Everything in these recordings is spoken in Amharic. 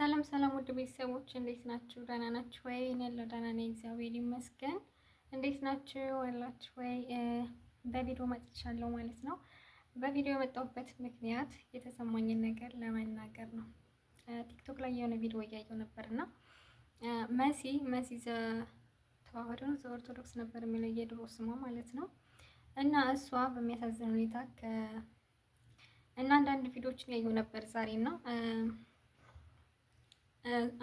ሰላም ሰላም፣ ውድ ቤተሰቦች እንዴት ናችሁ? ደህና ናችሁ ወይ? እኔ ያለው ደህና ነኝ፣ እግዚአብሔር ይመስገን። እንዴት ናችሁ ወላችሁ ወይ? በቪዲዮ መጥቻለሁ ማለት ነው። በቪዲዮ የመጣሁበት ምክንያት የተሰማኝን ነገር ለመናገር ነው። ቲክቶክ ላይ የሆነ ቪዲዮ እያየሁ ነበር እና መሲ መሲ ተዋህዶን ኦርቶዶክስ ነበር የሚለው የድሮ ስሟ ማለት ነው እና እሷ በሚያሳዝን ሁኔታ እና አንዳንድ ቪዲዮዎችን ያየሁ ነበር ዛሬ ነው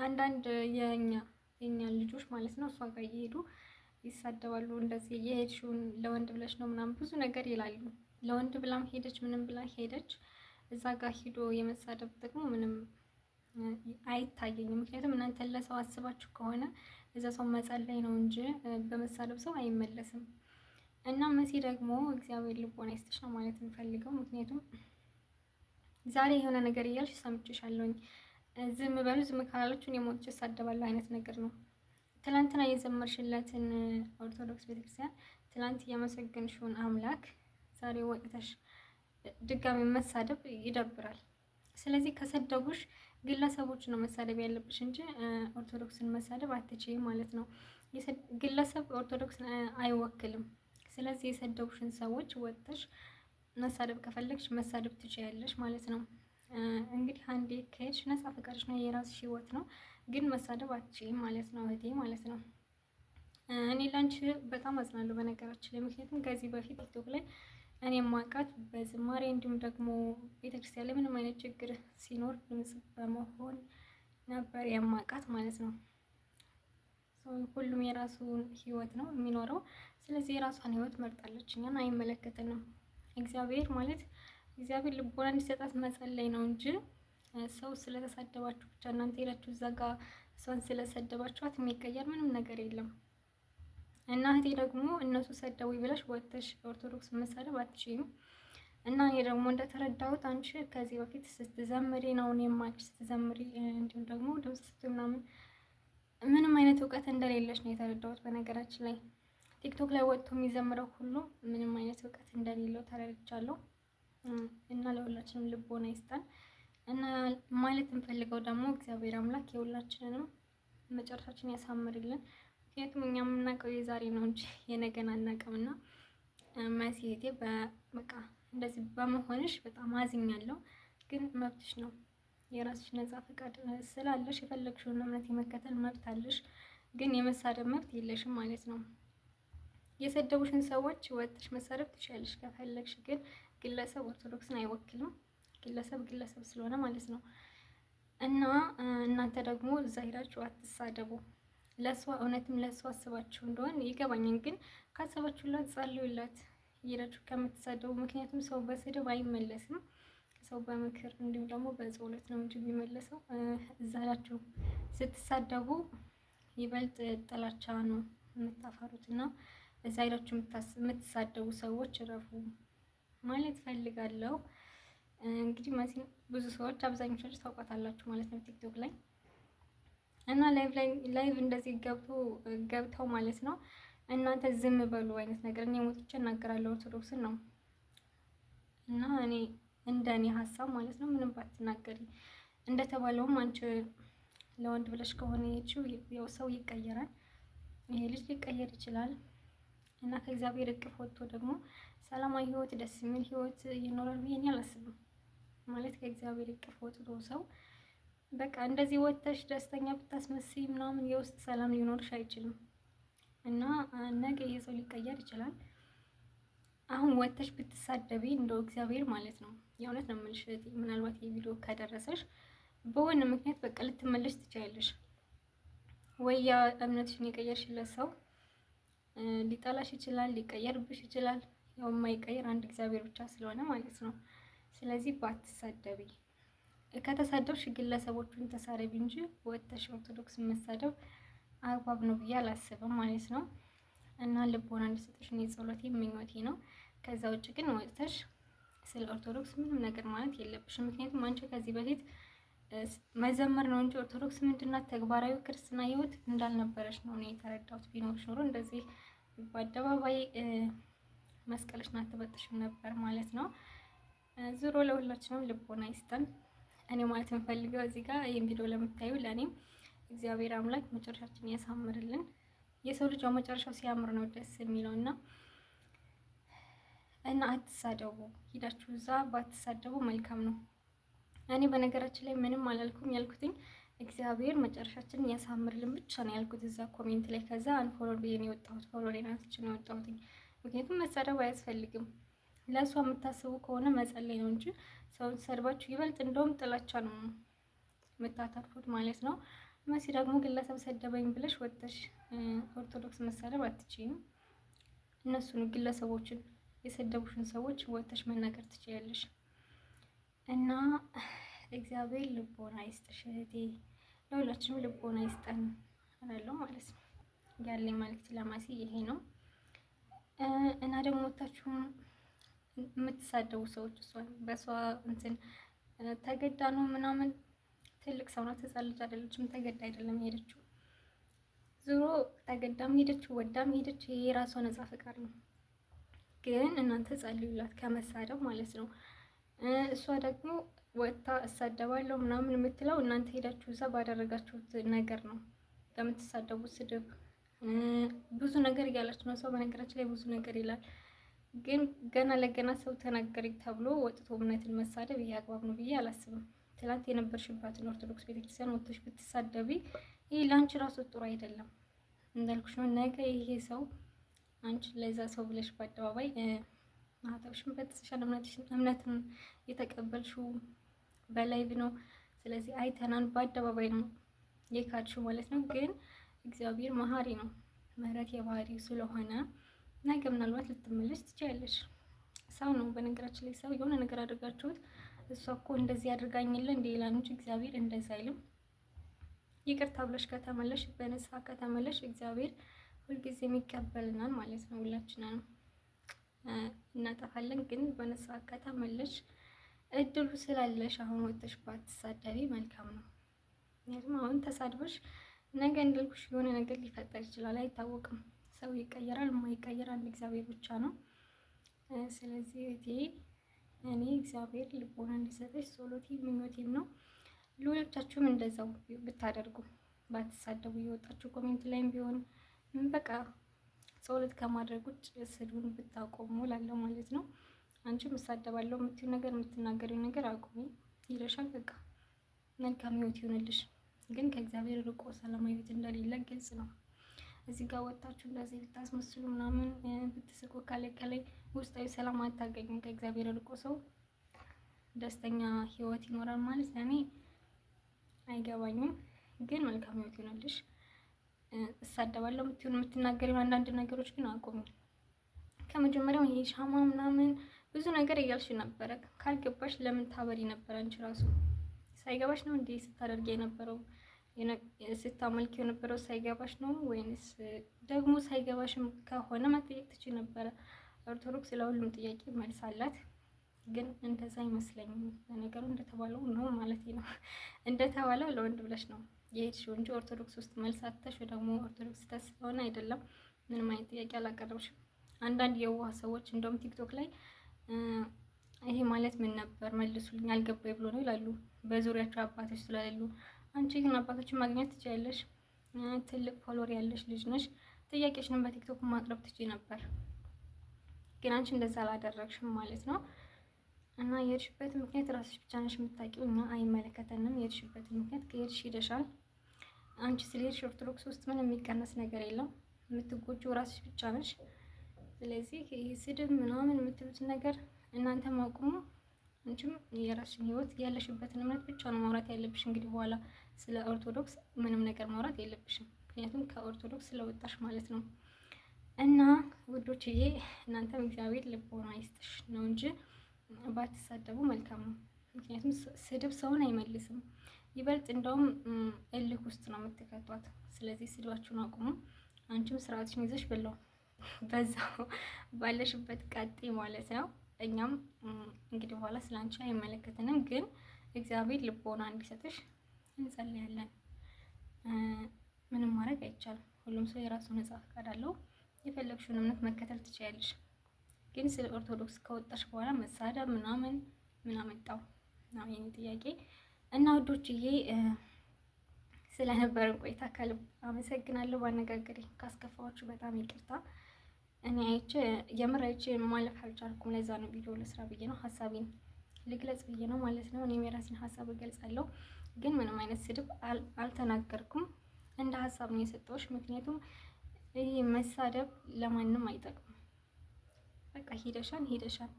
አንዳንድ የኛ ልጆች ማለት ነው እሷ ጋር እየሄዱ ይሳደባሉ። እንደዚህ የሄድሽውን ለወንድ ብለሽ ነው ምናምን ብዙ ነገር ይላሉ። ለወንድ ብላም ሄደች ምንም ብላ ሄደች፣ እዛ ጋር ሂዶ የመሳደብ ጥቅሙ ምንም አይታየኝም። ምክንያቱም እናንተ ለሰው አስባችሁ ከሆነ እዛ ሰው መጸለይ ነው እንጂ በመሳደብ ሰው አይመለስም። እና መሲ ደግሞ እግዚአብሔር ልቦና ይስጥሽ ነው ማለት የምፈልገው። ምክንያቱም ዛሬ የሆነ ነገር እያልሽ ሰምቼሻለሁኝ ዝም በሉ ዝም ካላላችሁ እኔ ሞቼ እሳደባለሁ አይነት ነገር ነው። ትላንትና የዘመርሽለትን ኦርቶዶክስ ቤተክርስቲያን ትላንት እያመሰገንሽውን አምላክ ዛሬ ወጥተሽ ድጋሚ መሳደብ ይደብራል። ስለዚህ ከሰደቡሽ ግለሰቦች ነው መሳደብ ያለብሽ እንጂ ኦርቶዶክስን መሳደብ አትችይም ማለት ነው። ግለሰብ ኦርቶዶክስን አይወክልም። ስለዚህ የሰደቡሽን ሰዎች ወጥተሽ መሳደብ ከፈለግሽ መሳደብ ትችያለሽ ማለት ነው። እንግዲህ አንዴ ከሄድሽ ነጻ ፈቃድሽ ነው፣ የራስሽ ህይወት ነው። ግን መሳደብ አትችይም ማለት ነው እህቴ ማለት ነው። እኔ ላንቺ በጣም አዝናለሁ በነገራችን ላይ ምክንያቱም ከዚህ በፊት ቲክቶክ ላይ እኔ ማውቃት በዝማሬ እንዲሁም ደግሞ ቤተክርስቲያን ላይ ምንም አይነት ችግር ሲኖር ድምጽ በመሆን ነበር የማውቃት ማለት ነው። ሁሉም የራሱን ህይወት ነው የሚኖረው። ስለዚህ የራሷን ህይወት መርጣለች፣ እኛን አይመለከትንም። እግዚአብሔር ማለት እግዚአብሔር ልቦና እንዲሰጣት መጸለይ ነው እንጂ ሰው ስለተሳደባችሁ ብቻ እናንተ ሄዳችሁ እዛ ጋ እሷን ስለሰደባችኋት የሚቀየር ምንም ነገር የለም። እና እህቴ ደግሞ እነሱ ሰደቡ ብለሽ ወጥተሽ ኦርቶዶክስ መሰደብ አትችይም። እና እኔ ደግሞ እንደተረዳሁት አንቺ ከዚህ በፊት ስትዘምሪ ነው እኔም ስትዘምሪ እንዲሁም ደግሞ ድምፅ ስትይ ምናምን ምንም አይነት እውቀት እንደሌለሽ ነው የተረዳሁት። በነገራችን ላይ ቲክቶክ ላይ ወጥቶ የሚዘምረው ሁሉ ምንም አይነት እውቀት እንደሌለው ተረድቻለሁ። እና ለሁላችንም ልቦና ይስጠን እና ማለት እንፈልገው ደግሞ እግዚአብሔር አምላክ የሁላችንንም መጨረሻችን ያሳምርልን። ምክንያቱም እኛ የምናውቀው የዛሬ ነው እንጂ የነገን አናውቅም። እና መሲሄቴ በቃ እንደዚህ በመሆንሽ በጣም አዝኛለሁ፣ ግን መብትሽ ነው። የራስሽ ነጻ ፈቃድ ስላለሽ የፈለግሽውን እምነት የመከተል መብት አለሽ፣ ግን የመሳደብ መብት የለሽም ማለት ነው። የሰደቡሽን ሰዎች ወጥሽ መሳደብ ትችያለሽ ከፈለግሽ ግን ግለሰብ ኦርቶዶክስን አይወክልም። ግለሰብ ግለሰብ ስለሆነ ማለት ነው። እና እናንተ ደግሞ እዛ ሄዳችሁ አትሳደቡ። ለእሷ እውነትም ለእሷ አስባችሁ እንደሆን ይገባኝን፣ ግን ካሰባችሁላት ጸልዩላት ሄዳችሁ ከምትሳደቡ። ምክንያቱም ሰው በስድብ አይመለስም። ሰው በምክር እንዲሁም ደግሞ በጸሎት ነው እንጂ የሚመለሰው። እዛ ሄዳችሁ ስትሳደቡ ይበልጥ ጥላቻ ነው የምታፈሩት እና እዛ ሄዳችሁ የምትሳደቡ ሰዎች እረፉ። ማለት ፈልጋለሁ። እንግዲህ መሲን ብዙ ሰዎች አብዛኞቻችሁ ታውቋታላችሁ ማለት ነው ቲክቶክ ላይ እና ላይቭ ላይ ላይቭ እንደዚህ ገብቶ ገብተው ማለት ነው እናንተ ዝም በሉ አይነት ነገር እኔ ሞትቼ እናገራለሁ ኦርቶዶክስን ነው እና እኔ እንደኔ ሀሳብ ማለት ነው ምንም ባትናገሪ እንደተባለውም አንቺ ለወንድ ብለሽ ከሆነ ይችው ሰው ይቀየራል። ይሄ ልጅ ሊቀየር ይችላል። እና ከእግዚአብሔር እቅፍ ወጥቶ ደግሞ ሰላማዊ ህይወት፣ ደስ የሚል ህይወት ይኖራል ብዬ እኔ አላስብም። ማለት ከእግዚአብሔር እቅፍ ወጥቶ ሰው በቃ እንደዚህ ወጥተሽ ደስተኛ ብታስመስይ ምናምን የውስጥ ሰላም ሊኖርሽ አይችልም። እና ነገ ይሄ ሰው ሊቀየር ይችላል። አሁን ወጥተሽ ብትሳደቢ እንደው እግዚአብሔር ማለት ነው የእውነት ነው የምልሽ። ምናልባት የቪዲዮ ከደረሰሽ በሆነ ምክንያት በቃ ልትመለሽ ትችያለሽ ወይ ያ እምነትሽን የቀየርሽለት ሰው ሊጠላሽ ይችላል፣ ሊቀየርብሽ ይችላል። ያው የማይቀየር አንድ እግዚአብሔር ብቻ ስለሆነ ማለት ነው። ስለዚህ ባትሳደቢ፣ ከተሳደብሽ ግለሰቦቹን ተሳደቢ እንጂ ወጥተሽ ኦርቶዶክስ መሳደብ አግባብ ነው ብዬ አላስብም ማለት ነው። እና ልቦና እንዲሰጥሽ እኔ ጸሎቴ ምኞቴ ነው። ከዛ ውጭ ግን ወጥተሽ ስለ ኦርቶዶክስ ምንም ነገር ማለት የለብሽም። ምክንያቱም አንቺ ከዚህ በፊት መዘመር ነው እንጂ ኦርቶዶክስ ምንድናት ተግባራዊ ክርስትና ህይወት እንዳልነበረች ነው እኔ የተረዳሁት። ቢኖር ኖሮ እንደዚህ በአደባባይ መስቀልሽን አትበጥሽም ነበር ማለት ነው። ዞሮ ለሁላችንም ልቦና ይስጠን። እኔ ማለት የምፈልገው እዚህ ጋር ይህን ቪዲዮ ለምታዩ ለእኔም እግዚአብሔር አምላክ መጨረሻችን ያሳምርልን። የሰው ልጅ መጨረሻው ሲያምር ነው ደስ የሚለው እና እና አትሳደቡ፣ ሂዳችሁ እዛ ባትሳደቡ መልካም ነው። እኔ በነገራችን ላይ ምንም አላልኩም ያልኩትኝ እግዚአብሔር መጨረሻችንን ያሳምርልን ብቻ ነው ያልኩት እዛ ኮሜንት ላይ። ከዛ አንፎሎር ብዬ ነው የወጣሁት፣ ፎሎሬን አንስቼ ነው የወጣሁትኝ። ምክንያቱም መሰደብ አያስፈልግም። ለእሷ የምታስቡ ከሆነ መጸለይ ነው እንጂ ሰውን ሰድባችሁ ይበልጥ እንደውም ጥላቻ ነው የምታተርፉት ማለት ነው። መሲ ደግሞ ግለሰብ ሰደበኝ ብለሽ ወጥተሽ ኦርቶዶክስ መሰደብ አትችይም። እነሱን ግለሰቦችን የሰደቡሽን ሰዎች ወጥተሽ መናገር ትችያለሽ እና እግዚአብሔር ልቦና ይስጥሽ እህቴ፣ ለሁላችንም ልቦና ይስጠን እላለሁ ማለት ነው። ያለኝ መልዕክት ለማሲ ይሄ ነው እና ደግሞ ወታችሁም የምትሳደቡ ሰዎች እሷን በእሷ እንትን ተገዳ ነው ምናምን ትልቅ ሰው ናት፣ ህፃን ልጅ አይደለችም። ተገዳ አይደለም ሄደችው። ዞሮ ተገዳም ሄደችው ወዳም ሄደች የራሷ ነፃ ፈቃድ ነው። ግን እናንተ ጸልዩላት ከመሳደብ ማለት ነው። እሷ ደግሞ ወጥታ እሳደባለሁ ምናምን የምትለው እናንተ ሄዳችሁ እዛ ባደረጋችሁት ነገር ነው። በምትሳደቡት ስድብ ብዙ ነገር እያላችሁ ነው። ሰው በነገራችን ላይ ብዙ ነገር ይላል። ግን ገና ለገና ሰው ተናገሪ ተብሎ ወጥቶ እምነትን መሳደብ ይሄ አግባብ ነው ብዬ አላስብም። ትላንት የነበርሽባትን ኦርቶዶክስ ቤተክርስቲያን ወጥቶች ብትሳደቢ ይህ ለአንቺ ራሱ ጥሩ አይደለም። እንዳልኩሽ ነው። ነገ ይሄ ሰው አንቺ ለዛ ሰው ብለሽ በአደባባይ ማህተብሽን በጥስሻል እምነትሽን እምነትን የተቀበልሽው በላይቭ ነው። ስለዚህ አይተናል። በአደባባይ ነው የካችሁ ማለት ነው። ግን እግዚአብሔር መሀሪ ነው። ምህረት የባህሪ ስለሆነ ነገ ምናልባት ልትመለስ ትችላለች። ሰው ነው በነገራችን ላይ ሰው የሆነ ነገር አድርጋችሁት እሷ እኮ እንደዚህ አድርጋኝለ እንደ ሌላ ሌላኖች እግዚአብሔር እንደዛ አይልም። ይቅርታ ብለሽ ከተመለሽ በንስሐ ከተመለሽ እግዚአብሔር ሁልጊዜ የሚቀበልናል ማለት ነው። ሁላችንንም እናጠፋለን፣ ግን በንስሐ ከተመለሽ እድሉ ስላለሽ አሁን ወጥተሽ ባትሳደቢ መልካም ነው። ምክንያቱም አሁን ተሳድበሽ ነገ እንዳልኩሽ የሆነ ነገር ሊፈጠር ይችላል፣ አይታወቅም። ሰው ይቀየራል። የማይቀየር አንድ እግዚአብሔር ብቻ ነው። ስለዚህ እህቴ እኔ እግዚአብሔር ልቦና እንዲሰጠሽ ጸሎቴ ምኞቴም ነው። ሌሎቻችሁም እንደዛው ብታደርጉ ባትሳደቡ፣ እየወጣችሁ ኮሜንት ላይም ቢሆን በቃ ጸሎት ከማድረግ ውጭ ስድቡን ብታቆሙ ላለው ማለት ነው። አንቺ ምሳደባለው የምትይው ነገር የምትናገሪው ነገር አቁሚ ይለሻል። በቃ መልካም ህይወት ይሆንልሽ። ግን ከእግዚአብሔር ርቆ ሰላማዊ ህይወት እንደሌለ ግልጽ ነው። እዚህ ጋር ወጣችሁ እንደዚህ ብታስመስሉ ምናምን ብትስቁ ከላይ ከላይ ውስጣዊ ሰላም አታገኙም። ከእግዚአብሔር ርቆ ሰው ደስተኛ ህይወት ይኖራል ማለት ለእኔ አይገባኝም። ግን መልካም ህይወት ይሆንልሽ። እሳደባለሁ የምትሆን የምትናገሪው አንዳንድ ነገሮች ግን አቁሚ። ከመጀመሪያው ይሄ ሻማ ምናምን ብዙ ነገር እያልሽ ነበረ። ካልገባሽ ለምን ታበሪ ነበር? አንቺ ራሱ ሳይገባሽ ነው እንዴ ስታደርግ የነበረው ስታመልክ የነበረው ሳይገባሽ ነው ወይንስ ደግሞ ሳይገባሽም ከሆነ መጠየቅ ትች ነበረ። ኦርቶዶክስ ለሁሉም ጥያቄ መልስ አላት። ግን እንደዛ አይመስለኝም። ለነገሩ እንደተባለው ነው ማለት ነው። እንደተባለው ለወንድ ብለሽ ነው የሄድሽው እንጂ ኦርቶዶክስ ውስጥ መልስ አጥተሽ ደግሞ ኦርቶዶክስ ተስፋ ሆነ አይደለም። ምንም አይነት ጥያቄ አላቀረብሽም። አንዳንድ የዋህ ሰዎች እንደውም ቲክቶክ ላይ ይሄ ማለት ምን ነበር መልሱልኝ፣ አልገባኝ ብሎ ነው ይላሉ በዙሪያቸው አባቶች ስላሉ። አንቺ ግን አባቶችን ማግኘት ትችያለሽ፣ ትልቅ ፎሎወር ያለሽ ልጅ ነሽ፣ ጥያቄሽንም በቲክቶክ ማቅረብ ትችይ ነበር፣ ግን አንቺ እንደዛ አላደረግሽም ማለት ነው። እና የሄድሽበት ምክንያት ራስሽ ብቻ ነሽ የምታውቂው፣ እኛ አይመለከተንም። የሄድሽበት ምክንያት ከሄድሽ ይደሻል። አንቺ ስለሄድሽ ኦርቶዶክስ ውስጥ ምን የሚቀነስ ነገር የለም። የምትጎጂው ራስሽ ብቻ ነሽ። ስለዚህ ይህ ስድብ ምናምን የምትሉት ነገር እናንተ ማቁሙ። አንቺም የራስሽን ህይወት ያለሽበትን እምነት ብቻ ነው ማውራት ያለብሽ። እንግዲህ በኋላ ስለ ኦርቶዶክስ ምንም ነገር ማውራት የለብሽም፣ ምክንያቱም ከኦርቶዶክስ ስለወጣሽ ማለት ነው። እና ይሄ እናንተም እግዚአብሔር ልቦና ይስጥሽ ነው እንጂ ባትሳደቡ መልካም ነው። ምክንያቱም ስድብ ሰውን አይመልስም፣ ይበልጥ እንደውም እልክ ውስጥ ነው የምትከቷት። ስለዚህ ስድባችሁን አቁሙ። አንቺም ስርዓትሽን ይዘሽ ብለው በዛው ባለሽበት ቀጤ ማለት ነው። እኛም እንግዲህ በኋላ ስላንቺ አይመለከትንም፣ ግን እግዚአብሔር ልቦና እንዲሰጥሽ እንጸልያለን። ምንም ማድረግ አይቻልም። ሁሉም ሰው የራሱ ነጻ ፈቃድ አለው። የፈለግሽውን እምነት መከተል ትችያለሽ። ግን ስለ ኦርቶዶክስ ከወጣሽ በኋላ መሳደብ ምናምን ምን አመጣው ነው የኔ ጥያቄ እና ወዶችዬ ስለነበረን ቆይታ ከልብ አመሰግናለሁ። በአነጋገሪ ካስከፋዎቹ በጣም ይቅርታ። እኔ አይቼ የምር አይቼ ማለፍ አልቻልኩም። ለዛ ነው ቪዲዮ ለስራ ብዬ ነው ሀሳቤን ልግለጽ ብዬ ነው ማለት ነው። እኔም የራሴን ሀሳብ እገልጻለሁ፣ ግን ምንም አይነት ስድብ አልተናገርኩም። እንደ ሀሳብ ነው የሰጠሁሽ። ምክንያቱም ይህ መሳደብ ለማንም አይጠቅም። በቃ ሄደሻን ሄደሻን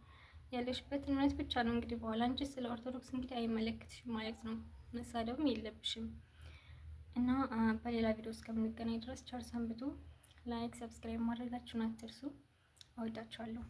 ያለሽበት እምነት ብቻ ነው እንግዲህ በኋላ እንጂ ስለ ኦርቶዶክስ እንግዲህ አይመለክትሽም ማለት ነው። መሳደብም የለብሽም። እና በሌላ ቪዲዮ እስከምንገናኝ ድረስ ቸር ሰንብቱ። ላይክ፣ ሰብስክራይብ ማድረጋችሁን አትርሱ። አወዳችኋለሁ።